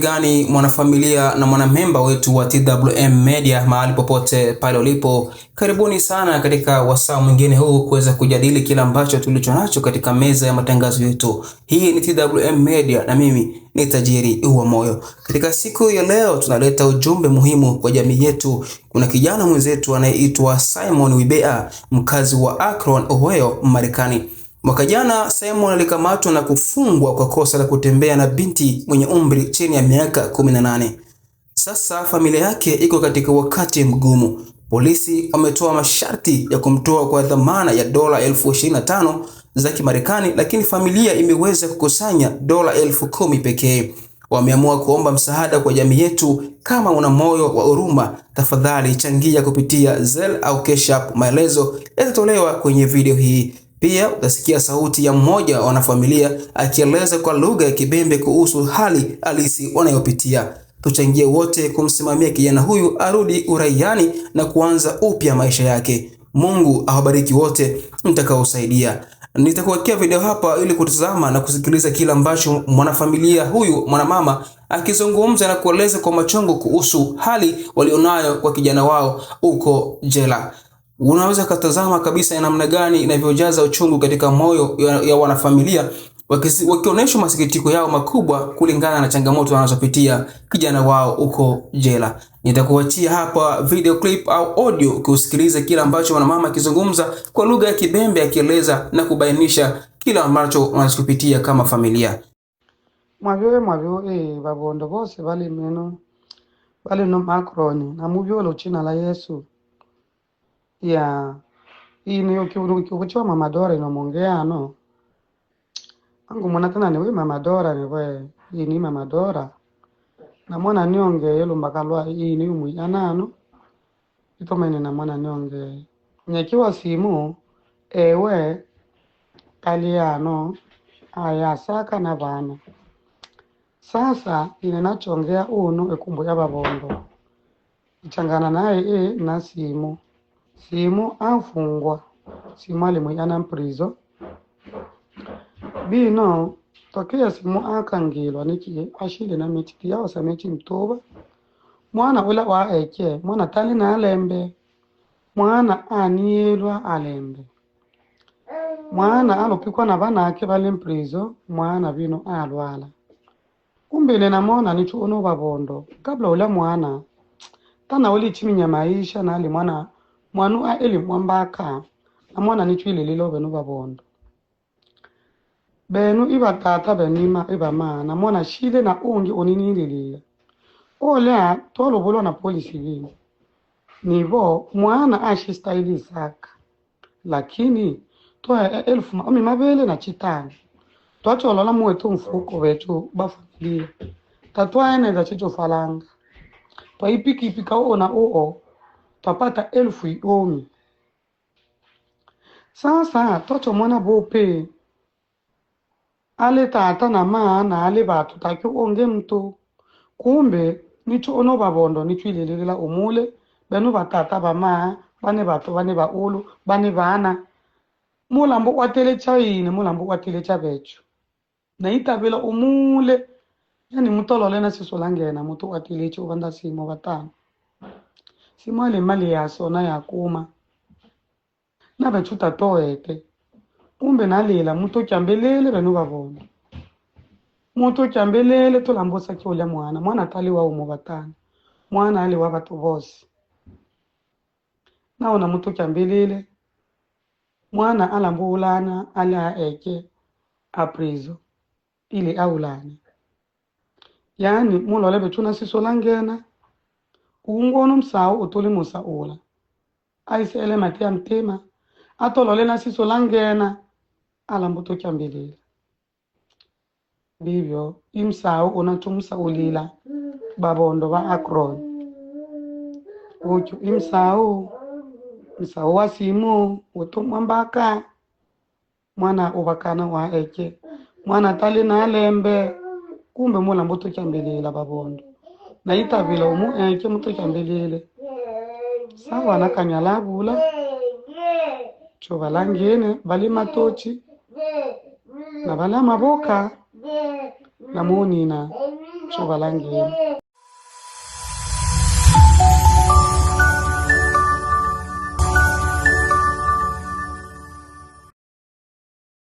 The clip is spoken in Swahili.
gani mwanafamilia na mwanamemba wetu wa TWM Media mahali popote pale ulipo, karibuni sana katika wasaa mwingine huu kuweza kujadili kila ambacho tulicho nacho katika meza ya matangazo yetu. Hii ni TWM Media na mimi ni tajiri wa moyo. Katika siku ya leo, tunaleta ujumbe muhimu kwa jamii yetu. Kuna kijana mwenzetu anayeitwa Simon Wibea, mkazi wa Akron, Ohio, Marekani. Mwaka jana Simon alikamatwa na kufungwa kwa kosa la kutembea na binti mwenye umri chini ya miaka 18. Sasa familia yake iko katika wakati mgumu. Polisi wametoa masharti ya kumtoa kwa dhamana ya dola elfu za Kimarekani, lakini familia imeweza kukusanya dola elfu kumi pekee. Wameamua kuomba msaada kwa jamii yetu. Kama una moyo wa huruma, tafadhali changia kupitia Zelle au Cash App. Maelezo yatatolewa kwenye video hii. Pia utasikia sauti ya mmoja wa wanafamilia akieleza kwa lugha ya Kibembe kuhusu hali halisi wanayopitia. Tuchangie wote kumsimamia kijana huyu arudi uraiani na kuanza upya maisha yake. Mungu awabariki wote mtakaosaidia. Nitakuwekea video hapa ili kutazama na kusikiliza kile ambacho mwanafamilia huyu mwanamama akizungumza na kueleza kwa machungu kuhusu hali walionayo kwa kijana wao huko jela. Unaweza katazama kabisa namna gani inavyojaza uchungu katika moyo ya, ya wanafamilia wakionyesha masikitiko yao makubwa kulingana na changamoto wanazopitia kijana wao huko jela. Nitakuachia hapa video clip au audio ukiusikiliza kila ambacho wanamama akizungumza kwa lugha ya Kibembe, akieleza na kubainisha kila ambacho wanachopitia kama familia. mwavyoe mwavyoe vavondo vose valimeno valino makroni namuvyola uchina la Yesu yeah mama dora mamadora inomongea ano mwana tena niwe mamadora niwe ini mamadora namwana nionge ilumbakalwa ini umwijana ano itomaine namwana nionge nyekiwa simu ewe aya ayasaka na vana sasa ine nachongea uno ya vavondo ichangana naye e na simu Simo anfungwa simu mwiyana mprizo bino tokea simu ankangilwa niki ashile na mitiki yao samechi mtuba mwana ula eke mwana tali na alembe mwana aniyelwa alembe mwana alupikwa na vanake vale mprizo mwana vino alwala umbile namona nitu uno kabla ula mwana tana ulichiminya maisha ali mwana mwanu a ele wa mbaka na mwana ni cwileli lobe no babondo benu iba tata benima iba na mwana shile na ungi a tolo tolobulwa na polisi vingi nivo mwana a ashistahili zaka lakini toya elfu maumi mabele na chitani chitano twacholola muwetu mfuko wetu bafamilia za chicho falanga ipiki twaipikipika oo na oo twapata elfu ikumi. Sasa twachomona bope ale tata na maana ale batu taki onge mtu kumbe nicho ono babondo nicho ilelelela umule beno batata bamaa bane batu bane baulu bane bana mulambo watele chayine mulambo watele chabecho naitabela umule yani mutolole na sisolangena mutu wateleche ubanda simo batano simwale mali ya sona ya kuma na tatoete kumbe nalila muto tyambelele venu vavona muto tyambelele tolambosa kiolia mwana mwana taliwa umo vatana mwana aliwa vatu vose naona muto tyambelele mwana alambuulana ali aeke aprizo ili aulane yani mulole vethu na siso langena uwungoona msawu utolimusa ula aiseele mati ya mtima atolole na siso langena alambu tokyambilila bivyo imsawu unathumusa ulila babondo ba acron utyu imsawu msawu wa simu utumwa mbaka mwana uvakana wa eke mwana tali na alembe kumbe mulambu tokyambilila babondo Ndaitabila umu enke eh, mutu kyambeliele sa wana kanyala bula co balangene bali matochi na bala maboka na monina chovalangene